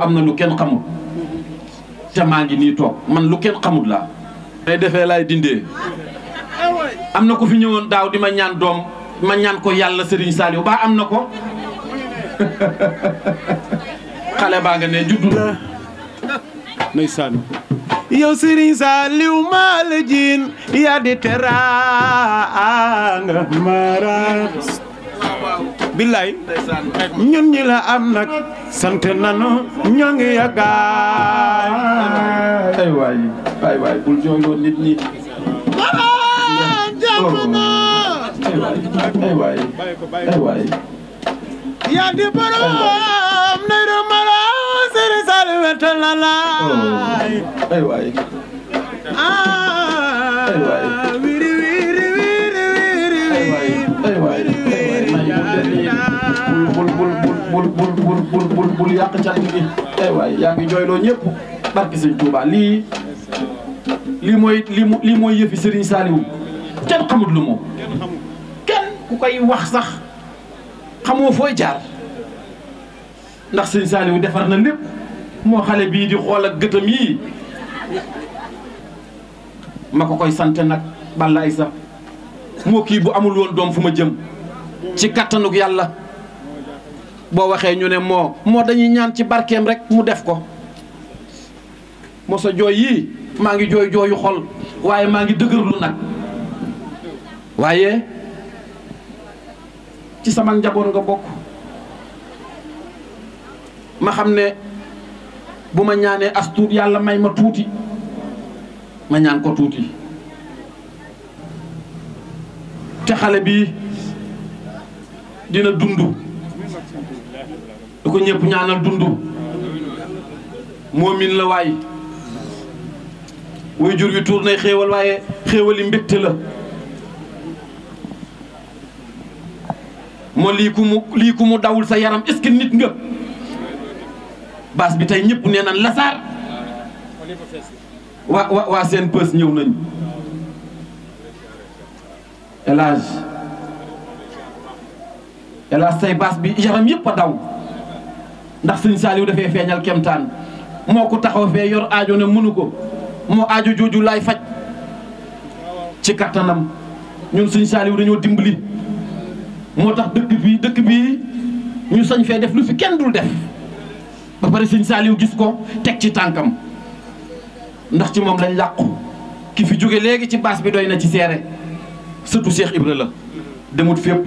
am na lu kenn xamul te mm-hmm. maa ngi nii toog man lu kenn xamul la day defee laay dindee am na ko fi ñëwoon daaw di ma ñaan doom ma ñaan ko yàlla Serigne Saliou ba am na ko xale baa nga ne juddu na ndeysaan yow Serigne Saliou maa la yaa di teraanga mara billaay ñun ñi la am nag sant nanu ñoo ngi yàggaay ay waay waay waay bul jooyloo nit ñi ay waay ay laay bul yàq cat gi ay eh waay yaa jooyloo ñëpp barki sëñ Touba lii lii mooy lii mooy lii mooy yëfi Serigne Saliou kenn xamut lu moom kenn ku koy wax sax xamoo fooy jaar ndax Serigne Saliou defar na lépp moo xale bii di xool ak gëtam yii ma ko koy sant nag balaay sax moo kii bu amul woon doom fu ma jëm ci kattanuk yàlla boo waxee ñu ne moo moo dañuy ñaan ci barkeem rek mu def ko mosa jooy yii maa ngi jooy jooyu xol waaye maa ngi dëgërlu nag waaye ci sama njaboot nga bokk ma xam ne bu ma ñaanee as yàlla may ma tuuti ma ñaan ko tuuti te xale bii dina dund du ko ñëpp ñaanal dundu moomin la waay way jur yu tuur nay xéewal waaye xéewali mbégte la moo lii ku mu dawul sa yaram est-ce que nit nga baas bi tey ñëpp nee nan lasaar waa waa waa seen pës ñëw nañu elage hélas say baas bi yaram yëpp a daw ndax sëñ Saaliw dafay feeñal kemtaan moo ko taxaw fee yor aajo ne mënu ko moo aajo jooju laay faj ci kattanam ñun sëñ Saaliw dañoo dimbali moo tax dëkk bi dëkk bi ñu sañ fee def lu fi kenn dul def ba pare sëñ Saaliw gis ko teg ci tànkam ndax ci moom lañ làqu ki fi jóge léegi ci baas bi doy na ci seere surtout Cheikh Ibra la demut fépp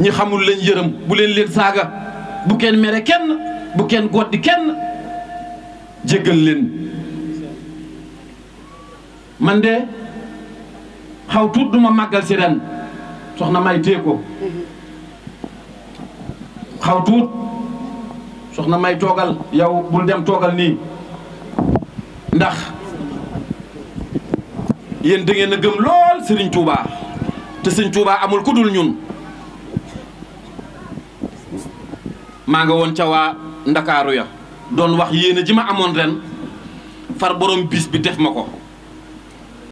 ñi xamul leen yërëm bu leen leen saaga bu kenn mere kenn bu kenn goddi kenn jéggal leen man de xawtuut duma màggal si soxna may téye ko xaw soxna may toogal yow bul dem toogal nii ndax yéen da ngeen a gëm lool Serigne Touba te Serigne Touba amul ku dul ñun maa nga woon ca ndakaaru ya doon wax yéene ji ma amoon ren far borom bis bi def ma ko